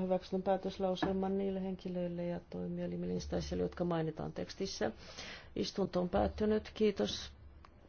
hyväksytyn päätöslauselman niille henkilöille ja toimielimille jotka mainitaan tekstissä. Istunto on päättynyt. Kiitos.